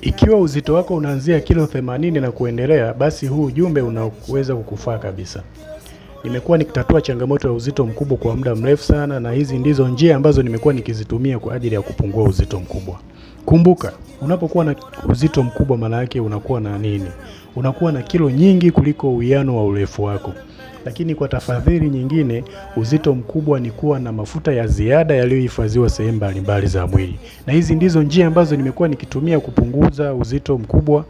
Ikiwa uzito wako unaanzia kilo 80 na kuendelea, basi huu ujumbe unaweza kukufaa kabisa. Nimekuwa nikitatua changamoto ya uzito mkubwa kwa muda mrefu sana, na hizi ndizo njia ambazo nimekuwa nikizitumia kwa ajili ya kupungua uzito mkubwa. Kumbuka, Unapokuwa na uzito mkubwa, maana yake unakuwa na nini? Unakuwa na kilo nyingi kuliko uwiano wa urefu wako. Lakini kwa tafadhali nyingine, uzito mkubwa ni kuwa na mafuta ya ziada yaliyohifadhiwa sehemu mbalimbali za mwili, na hizi ndizo njia ambazo nimekuwa nikitumia kupunguza uzito mkubwa,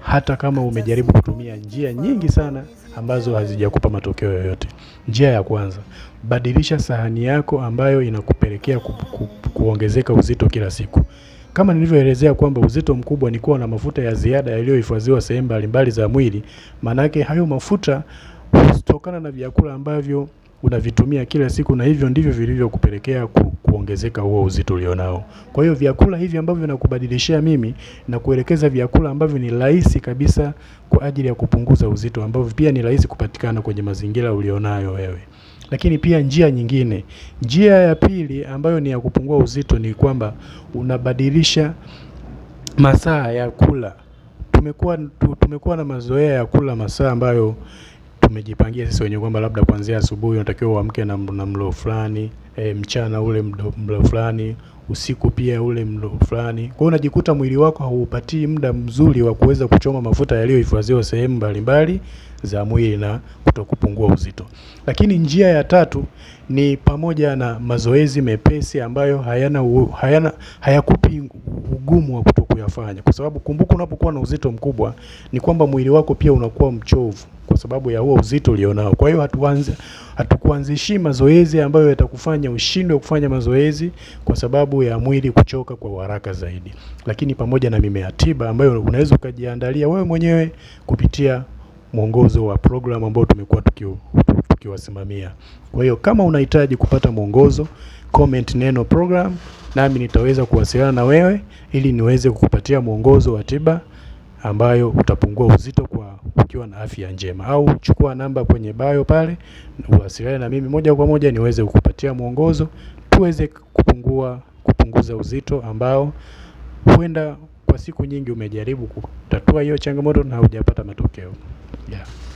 hata kama umejaribu kutumia njia nyingi sana ambazo hazijakupa matokeo yoyote. Njia ya kwanza, badilisha sahani yako ambayo inakupelekea ku, ku, kuongezeka uzito kila siku. Kama nilivyoelezea kwamba uzito mkubwa ni kuwa na mafuta ya ziada yaliyohifadhiwa sehemu mbalimbali za mwili, maanake hayo mafuta hutokana na vyakula ambavyo unavitumia kila siku na hivyo ndivyo vilivyokupelekea ku, kuongezeka huo uzito ulionao. Kwa hiyo vyakula hivi ambavyo nakubadilishia mimi na kuelekeza vyakula ambavyo ni rahisi kabisa kwa ajili ya kupunguza uzito ambavyo pia ni rahisi kupatikana kwenye mazingira ulionayo wewe. Lakini pia njia nyingine, njia ya pili ambayo ni ya kupungua uzito ni kwamba unabadilisha masaa ya kula. Tumekuwa na mazoea ya kula masaa ambayo tumejipangia sisi wenyewe kwamba labda kuanzia asubuhi unatakiwa uamke na, na mlo fulani e, mchana ule mlo, mlo fulani usiku pia ule mlo fulani. Kwa hiyo unajikuta mwili wako haupatii muda mzuri wa kuweza kuchoma mafuta yaliyohifadhiwa sehemu mbalimbali za mwili na kutokupungua uzito. Lakini njia ya tatu ni pamoja na mazoezi mepesi ambayo hayana, hayana hayakupi ugumu wa kutokuyafanya, kwa sababu kumbuka, unapokuwa na uzito mkubwa ni kwamba mwili wako pia unakuwa mchovu kwa sababu ya huo uzito ulionao. Kwa hiyo hatuanze hatukuanzishii mazoezi ambayo yatakufanya ushindwe kufanya mazoezi kwa sababu ya mwili kuchoka kwa haraka zaidi, lakini pamoja na mimea tiba ambayo unaweza ukajiandalia wewe mwenyewe kupitia mwongozo wa program ambao tumekuwa tukiwasimamia. Kwa hiyo kama unahitaji kupata mwongozo, comment neno program nami nitaweza kuwasiliana na wewe ili niweze kukupatia mwongozo wa tiba ambayo utapungua uzito kwa ukiwa na afya njema, au chukua namba kwenye bio pale, uwasiliane na mimi moja kwa moja niweze kukupatia mwongozo tuweze kupungua kupunguza uzito ambao huenda kwa siku nyingi umejaribu kutatua hiyo changamoto na hujapata matokeo yeah.